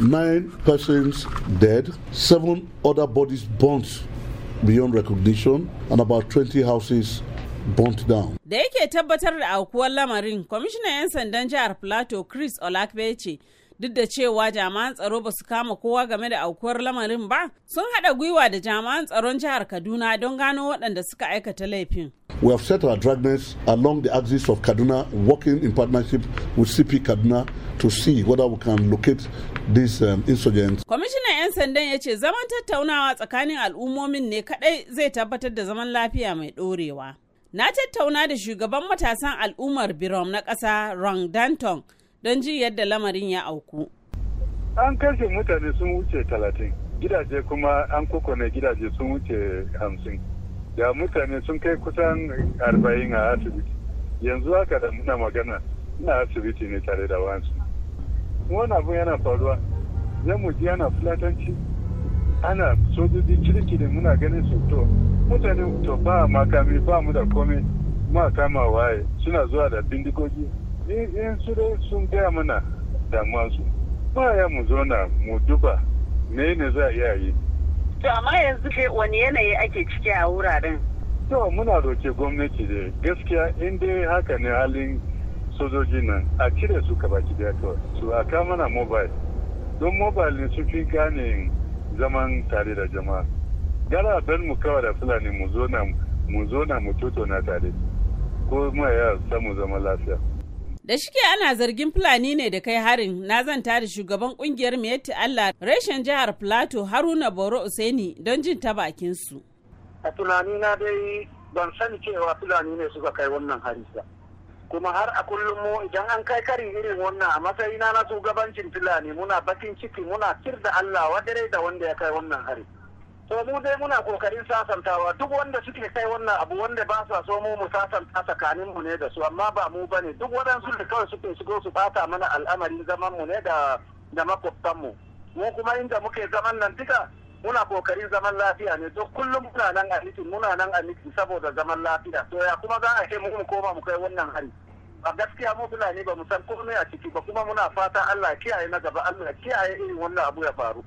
nine persons dead, seven other bodies burnt beyond recognition, and about 20 houses burnt down. Da yake tabbatar da aukuwar lamarin, kwamishinan 'yan sandan jihar Plateau Chris Olakbe ce, duk da cewa jami'an tsaro ba su kama kowa game da aukuwar lamarin ba, sun haɗa gwiwa da jami'an tsaron jihar Kaduna don gano waɗanda suka aikata laifin. We have set our dragnets along the axis of Kaduna, working in partnership with CP Kaduna to see whether we can locate these um, insurgents. Kwamishinan 'yan sandan ya ce zaman tattaunawa tsakanin al'ummomin ne kadai zai tabbatar da zaman lafiya mai dorewa. Na tattauna da shugaban matasan al'ummar Birom na kasa Rong Danton don jin yadda lamarin ya auku. An kashe mutane sun wuce talatin, gidaje kuma an kokone gidaje sun wuce hamsin. da mutane sun kai kusan arba'in a asibiti yanzu haka da muna magana na asibiti ne tare da wansu wani abu yana faruwa zan mu ji ana fulatanci ana sojoji ciriki muna ganin su to mutane to ba makami ba mu da komai ma kama waye suna zuwa da bindigogi in su dai sun gaya mana damuwa su ba ya mu zo na mu duba me ne za a iya yi To amma yanzu wani yanayi ake ciki a wuraren? To muna roke gwamnati da gaskiya in dai haka ne halin sojoji nan a cire su ka baki daya kawai su a kamana mobile don mobile ne su fi gane zaman tare da jama'a gara bar mu kawai da fulani mu zo na mu tattauna tare ko ma ya samu zama lafiya. Da shike ana zargin Fulani ne da kai harin na zanta da shugaban kungiyar Miyetti Allah reshen jihar Plateau Haruna Boro Useni don jin ta bakin su. A tunani na dai ban sani cewa Fulani ne suka kai wannan hari ba. Kuma har a kullum mu idan an kai kari irin wannan a matsayina na shugabancin Fulani muna bakin ciki muna kir da Allah wadare da wanda ya kai wannan hari. so mu dai muna kokarin sasantawa duk wanda suke kai wannan abu wanda ba sa so mu sasanta tsakanin mu ne da su amma ba mu bane duk waɗansu da kawai suke shigo su bata mana al'amarin zaman mu ne da da makwabtan mu mu kuma inda muke zaman nan duka muna kokarin zaman lafiya ne duk kullum muna nan a mitin muna nan a mitin saboda zaman lafiya to ya kuma za a kai mu mu koma mu kai wannan hari a gaskiya mu fulani ba mu san komai a ciki ba kuma muna fata Allah kiyaye na gaba Allah kiyaye irin wannan abu ya faru